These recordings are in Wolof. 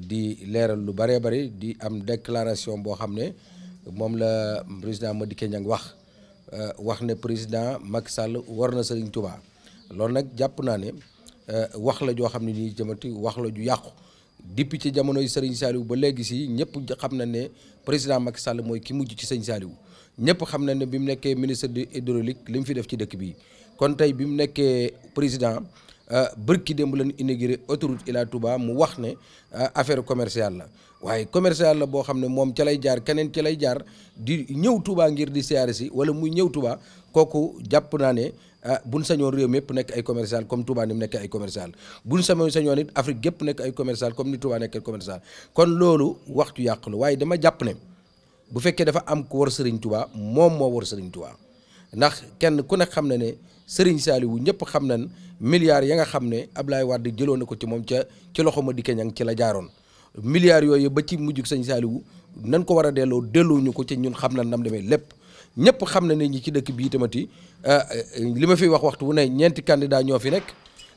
di leeral lu bëree bëri di am déclaration boo xam ne moom la président ma Madické Niang wax euh, wax ne président Macky sàll war na Serigne tubaa loolu nag jàpp naa ne euh, wax la joo xam ne nii jëmati wax la ju yàqu depuis ci jamonoy sëriñ Saliou ba léegi si ñëpp xam na ne président Macky Sall mooy ki mujj ci Serigne Saliou ñëpp xam na ne bi mu nekkee ministre de hydraulique li mu fi def ci dëkk bi kon tey bi mu nekkee président. Euh, bërki démb lañ inauguré autorite Ila tubaa mu wax ne euh, affaire commerciale la waaye commerciale la boo xam ne moom ca lay jaar keneen ca lay jaar di ñëw Touba ngir di siyaare si wala muy ñëw tubaa kooku jàpp naa ne euh, buñ sañoon réew mépp nekk ay commercial comme Touba ni nekk ay commercial buñ sañoon sañoon it Afrique gépp nekk ay commercial comme ni Touba nekk ay commercial kon loolu waxtu yàq la waaye dama jàpp ne bu fekkee dafa am ku war Serigne tubaa moom moo war Serigne tubaa ndax kenn ku nekk xam ne ne Serigne Saliou ñëpp xam nañ milliards ya nga xam ne Ablaye Wade jëloon na ko ci moom ca ci loxo Madické Niang ci la jaaroon milliards yooyu ba ci mujjug Serigne Saliou nan ko war a delloo delloo ñu ko ci ñun xam nañ nam demee lépp ñëpp xam ne ne ñu ci dëkk bii tamati ah, li ma fiy wax waxtu wu ne ñeenti candidat ñoo fi nekk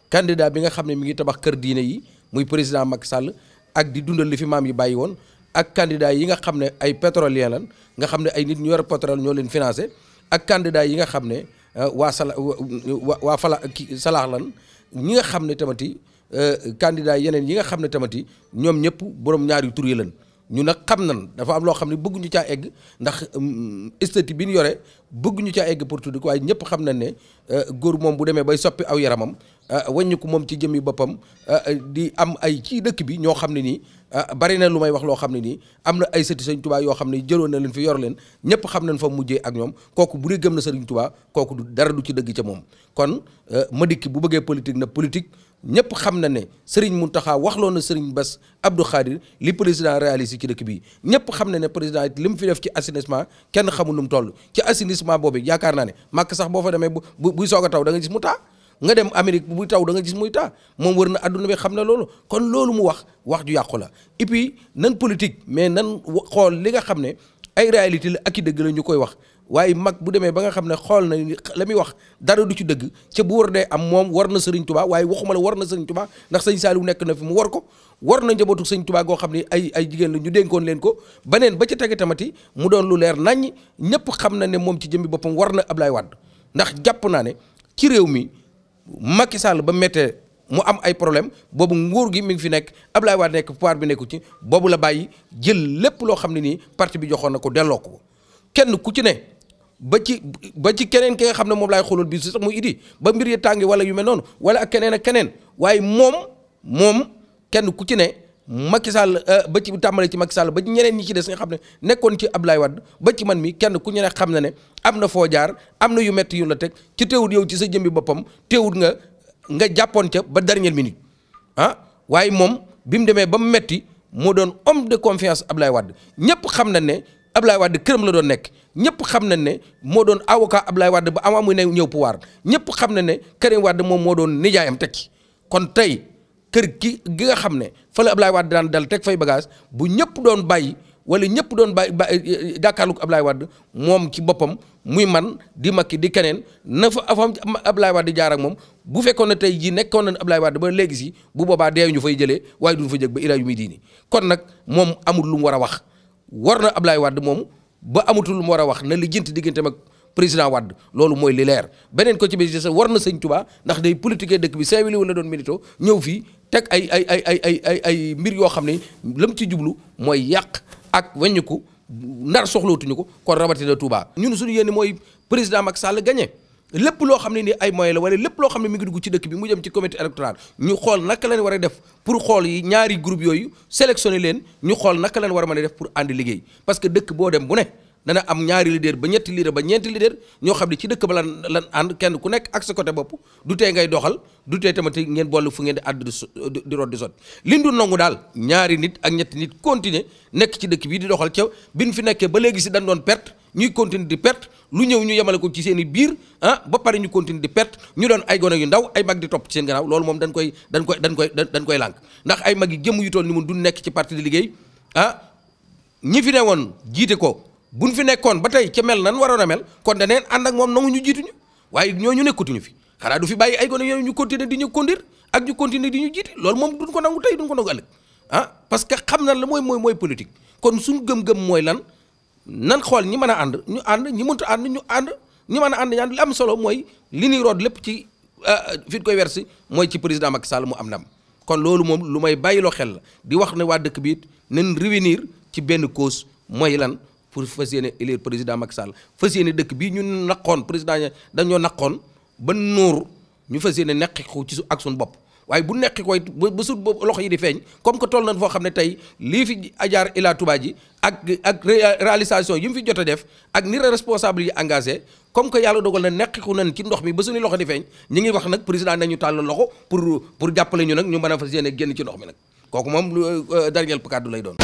candidat bi nga xam ne mi ngi tabax kër diine yi muy président Macky Sall ak di dundal li fi maam yi bàyyi woon ak candidat yi nga xam ne ay pétrolier lan nga xam ne ay nit ñu yor pétrole ñoo leen financé ak candidat yi nga xam ne euh, waa sala waa fala ki salaax lan ñi nga xam ne tamati euh, candidat yeneen yi nga xam ne tamati ñoom ñëpp borom ñaari tur yi lan ñu nag xam nan dafa am loo xam ne bëgguñu caa egg ndax mm, esthétique bi ñu yore bëgguñu ca egg pour tudd ko waaye ñëpp xam nañ ne euh, góor moom bu demee bay soppi aw yaramam Euh, wàññiku moom ci jëmmi boppam euh, euh, di am ay ci dëkk bi ñoo xam ne nii bari na lu may wax loo xam ne nii am na ay sëti sëñ tubaa yoo xam ne jëloon na leen fi yor leen ñëpp xam nañ fa mujjee ak ñoom kooku bu dee gëm na sëriñ tubaa kooku du du ci dëgg ca moom kon ma dikki bu bëggee politique na politique ñëpp xam na ne Serigne Mountakha waxloo na Serigne Bass Abdou Khadir li président réalisé ci dëkk bi ñëpp xam na ne président it li mu fi def ci assainissement kenn xamul nu mu toll ci assainissement boobu yaakaar naa ne màkk sax boo fa demee bu buy soog taw danga nga gis mu taa nga dem Amérique bu taw da nga gis muy taa moom war na adduna bi xam na loolu kon loolu mu wax wax ju yàqu la et nan politique mais nan xool li nga xam ne ay réalité la ak i dëgg la ñu koy wax waaye mag bu demee ba nga xam ne xool na la muy wax dara du ci dëgg ca bu war dee am moom war na sëriñ tubaa waaye waxuma la war na sëriñ tubaa ndax sëñ Saaliw nekk na fi mu war ko war na njabootu sëñ tubaa goo xam ne ay ay jigéen la ñu dénkoon leen ko beneen ba ca tege tamati mu doon lu leer naññ ñëpp xam na ne moom ci jëmmi boppam war na Ablaye Wade ndax jàpp naa ne ci réew mi Macky Sall ba méttee mu am ay problème boobu nguur gi mi ngi fi nekk Ablaye Wade nekk pouvoir bi nekku ci boobu la bàyyi jël lépp loo xam ne nii parti bi joxoon na ko delloo ko kenn ku ci ne ba ci ba ci keneen ki nga xam ne moom laay xoolal bi si sax mu ba mbir yi tàngi wala yu mel noonu wala ak keneen ak keneen waaye moom moom kenn ku ci ne. Macky Sall euh, ba ci tàmbalee ci Macky Sall ba ci ñeneen ñi ci des nga xam ne nekkoon ci Abdoulaye Wade ba ci man mi kenn ku ñu xam na ne am na foo jaar am na yu metti yu la teg ci teewut yow ci sa jëmbi boppam teewut nga nga jàppoon ca ba mi minute ah waaye moom bi mu demee ba mu metti moo doon homme de confiance Ablaye Wade ñëpp xam na ne Ablaye Wade këram la doon nekk ñëpp xam na ne moo doon ab Ablaye Wade ba amamu ne ñëw pouvoir ñëpp xam na ne Karim Wade moom moo doon nijaayam teg ci kon tey kër ki gi nga xam ne fa la Ablaye Wade daan dal teg fay bagage bu ñëpp doon bàyyi. wala ñëpp doon ba jàkkaarlu ko Ablaye Wade moom ci boppam muy man di makki di keneen na fa afam Ablaye Wade jaar ak moom bu fekkoon ne tey jii nekkoon nañ Ablaye Wade ba léegi si bu boobaa deew ñu fay jëlee waaye du fa jëg ba ilaa yu muy diini kon nag moom amul lu war a wax war na Ablaye Wade moom ba amatul lu war a wax na li diggante mag président Wade loolu mooy li leer beneen ko ci bi sa war na sëñ tubaa ndax day politique dëkk bi Saint-Louis wala doon milito ñëw fii teg ay ay ay ay ay ay ay mbir yoo xam ne lam ci jublu mooy yàq ak wàññiku ndar soxlootuñu ko kon rawatina Touba. ñun suñu yéene mooy président Macky Sall gagné lépp loo xam ne ni ay moye la wala lépp loo xam ne mi ngi dugg ci dëkk bi mu jëm ci comité électoral ñu xool naka lañ war a def pour xool yi ñaari groupe yooyu sélectionné leen ñu xool naka lañ war a mën a def pour ànd liggéey parce que dëkk boo dem bu ne. dana am ñaari leader ba ñetti leader ba ñeenti leader ñoo xam ne ci dëkk ba lan lan ànd kenn ku nekk ak sa côté bopp du tee ngay doxal du tee tamit ngeen boole fu ngeen di àdd di di root di sot liñ du nangu daal ñaari nit ak ñetti nit continuer nekk ci dëkk bii di doxal ca nu fi nekkee ba léegi si dañ doon perte ñuy continuer di perte lu ñëw ñu yemale ko ci seen i biir ah ba pare ñu continuer di perte ñu doon ay gone yu ndaw ay mag di topp ci seen gannaaw loolu moom dañ koy dañ koy dañ koy dañ koy lànk ndax ay yi jëmm yu toll ni mun du nekk ci parti di liggéey ah, ñi fi ne woon jiite ko bu buñ fi nekkoon ba tey ca mel nan waroon a mel kon daneen ànd ak moom nangu ñu jiituñu waaye ñoo ñu nekkutuñu fi xanaa du fi bàyyi ay gone yooyu ñu continuer di ñu conduire ak ñu continuer di ñu jiite loolu moom duñ ko nangu tey duñ ko nangu ëllëg ah parce que xam na la mooy mooy mooy politique kon suñ gëm-gëm mooy lan nan xool ñi mën a ànd ñu ànd ñi mënta ànd ñu ànd ñi mën a ànd ñaan li am solo mooy li ñuy root lépp ci euh, fi koy wersi mooy ci président Macky Sall mu am ndam kon loolu moom lu may bàyyiloo xel la di wax ne waa dëkk bi it réunir ci benn cause mooy lan pour fas yéene élire président Macky Sall fas yéene dëkk bi ñu naqoon président dañoo naqoon ba nuur ñu fas yéene neqiku ci su ak suñu bopp waaye bu nekk koy ba su loxo yi di feeñ comme que toll nañ foo xam ne tey lii fi ajaar Ila Touba ji ak ak réalisation yi mu fi jot a def ak ni responsable engagé comme que yàlla dogal na nekkiku nañ ci ndox mi ba suñu loxo di feeñ ñu ngi wax nag président nañu tàllal loxo pour pour jàppale ñu nag ñu mën a fas yéene génn ci ndox mi nag kooku moom euh, dernier kàddu lay doon.